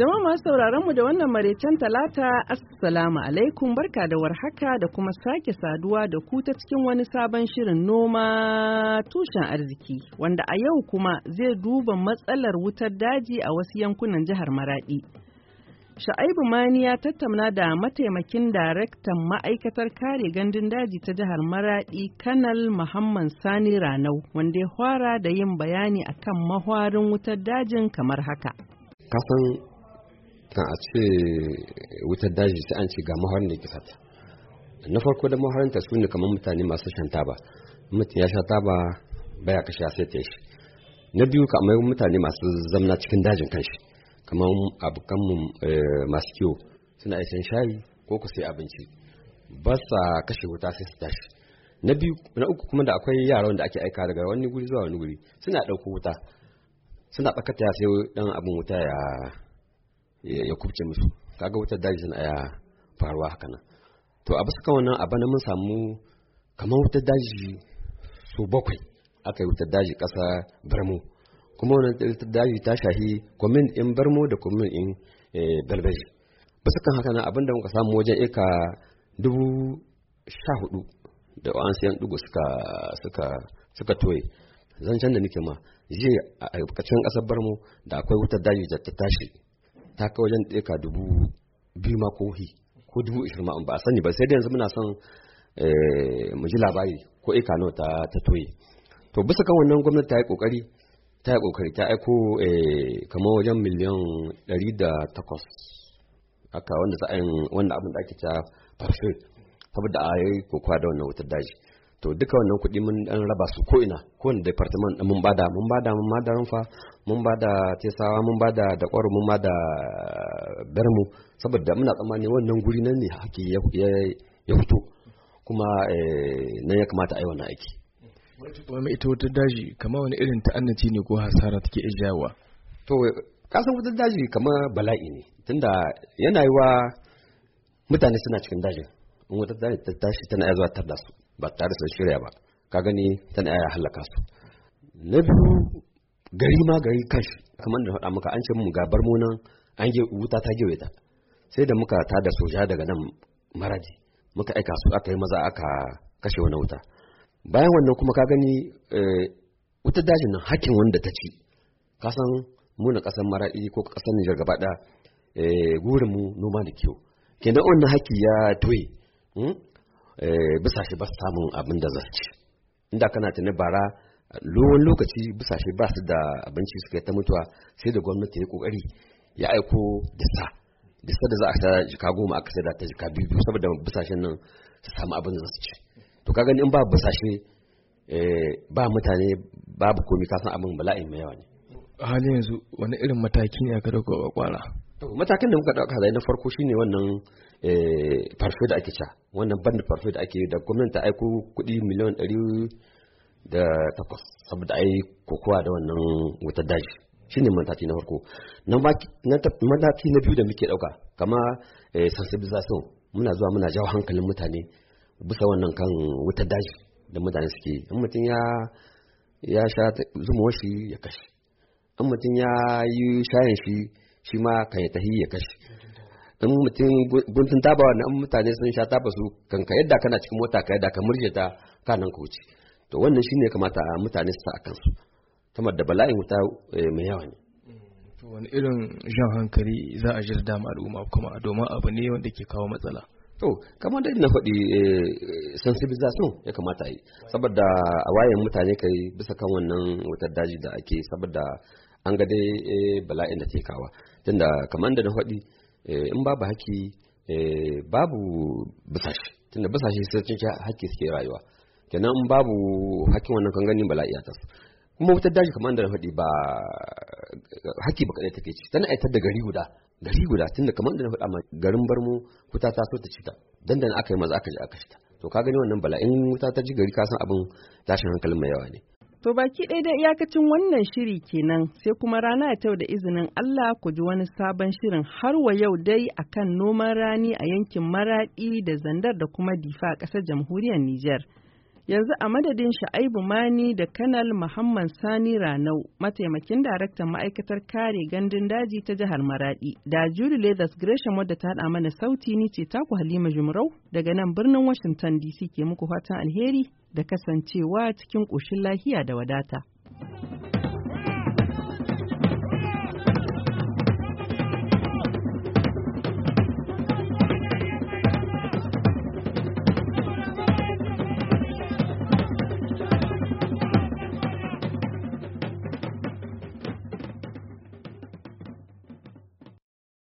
Jama'a masu sauraron mu da wannan maraicen talata assalamu alaikum barka da warhaka da kuma sake saduwa da ku ta cikin wani sabon shirin noma tushen arziki wanda a yau kuma zai duba matsalar wutar daji a wasu yankunan jihar Maradi. Sha'aibu Mani ya tattauna da mataimakin daraktan ma'aikatar kare gandun daji ta jihar Maradi Kanal Muhammad Sani Ranau wanda ya fara da yin bayani akan mahwarin wutar dajin kamar haka. Kasan kan a ce wutar daji sai an ce ga maharin da kisa ta na farko da maharinta ta suna kamar mutane masu shan taba mutum ya sha taba baya kashe sai ta shi na biyu kamar mutane masu zamna cikin dajin kanshi kamar abokan eh, masu kiwo suna ishin shayi ko ku sai abinci ba sa kashe wuta sai su tashi na biyu na uku kuma da akwai yara wanda ake aika daga wani guri zuwa wani guri suna ɗauko wuta suna ɓakata ya sai ɗan abin wuta ya ya kubce musu kaga wata daji tana ya faruwa haka nan to a bisa wannan a bana mun samu kamar wata daji su bakwai aka yi wata daji ƙasa barmo kuma wannan daji ta shahi kwamin in barmo da kwamin in belbeji eh, bisa kan haka nan da muka samu wajen eka dubu sha hudu da an siyan dugu suka suka suka toye zancen da nake ma jiya a ƙarƙashin ƙasar barmo da akwai wutar daji da ta tashi ta kai wajen ɗeka dubu biyu ma ko hi ko dubu ishirin ma ba a sani ba sai da yanzu muna son eh, mu ji labari ko eka nawa ta ta toye to bisa kan wannan gwamnati ta yi kokari ta yi kokari ta aiko eh, kamar wajen miliyan ɗari da takwas haka wanda za a wanda abin da ake ta farfe saboda a yi kokowa da wannan wutar daji to duka wannan kuɗi mun dan raba su ko ina ko wani department mun bada mun bada mun bada rumfa mun bada tesawa mun bada da kwaro mun bada eh, bermu saboda muna tsammani wannan guri nan ne haƙi ya fito kuma eh, nan ya kamata a yi wannan aiki wani ita wata daji kama wani irin ta'annaci ne ko hasara take ijawa to kasan wata daji kama bala'i ne tunda yana yi wa mutane suna cikin dajin in wata daji ta tashi tana zuwa tar da su ba tare da shirya ba ka gani tana ya halaka su na biyu gari ma gari kashi kamar da faɗa muka an ce mu ga bar mu nan an ge wuta ta ge ta sai da muka ta da soja daga nan maraji muka aika su aka yi maza aka kashe wani wuta bayan wannan kuma ka gani eh, wutar dajin nan hakkin wanda ta ci kasan muna kasan maraɗi ko kasan Nijar gaba ɗaya eh, gurin noma da kyau kenan wannan haƙƙi ya toye hmm? Eh, bisashe ba su samun abin da za ci inda kana tuni bara lowon lokaci bisashe ba su da abinci suka ta mutuwa sai da gwamnati ya kokari ya aiko disa disa da za a sha jika goma aka sai da ta jika biyu biyu saboda bisashen nan su samu abin da za su ci to ka gani in ba bisashe eh, ba mutane babu komi kasan abin bala'in mai yawa ne halin yanzu wani irin mataki ne aka dauka kwara matakin da muka dauka zai na farko shine wannan farfe eh, da ake cha wannan band farfe da ake da gwamnati ta aiko kudi miliyan ɗari da takwas saboda ai kokowa da wannan wutar daji shine mataki na farko na mataki na biyu da muke dauka kama eh, sensibilization muna zuwa muna jawo hankalin mutane bisa wannan kan wutar daji da mutane suke in mutum ya ya sha zumuwar shi ya kashe in mutum ya yi shayin shi shi ma kan ya tahi ya kashi in mutum guntun taba wannan in mutane sun sha taba su kan ka yadda kana cikin mota ka yadda ka murje ta kanan ka wuce to wannan shine kamata mutane su sa akan su kamar da bala'in wuta eh, mai yawa ne to wani irin jan hankali za a jirda ma al'umma kuma domin abu ne wanda ke kawo matsala to kamar da na faɗi eh, sensibilization ya kamata yi saboda a wayan mutane kai bisa kan wannan wutar daji da ake saboda an ga dai eh, bala'in da tekawa tun tunda kamar da na faɗi eh, in babu haki eh, babu bisashi tunda bisashi sai cikin haki suke rayuwa kenan in babu hakin wannan kan ganin bala'i a tasu kuma wutar daji kamar da na faɗi ba haki ba kaɗai take ci tana aitar da gari guda gari guda tunda kamar da na faɗa ma garin mu wuta ta so ta ci ta dandan aka yi maza aka ji aka ci ta to ka gani wannan bala'in wuta ta ji gari ka san abin tashin hankalin mai yawa ne To baki ɗaya da iyakacin wannan shiri kenan sai kuma rana ta da izinin Allah ku ji wani sabon shirin har wa yau dai akan noman rani a yankin Maraɗi da Zandar da kuma Difa a ƙasar jamhuriyar Nijar. yanzu a madadin sha'aibu mani da kanal muhammad sani ranau mataimakin daraktan ma'aikatar kare gandun daji ta jihar maradi da julie leathers gresham wadda ta haɗa mana sauti ni ce taku halima jumrau daga nan birnin washington dc ke muku fatan alheri da kasancewa cikin ƙoshin lahiya da wadata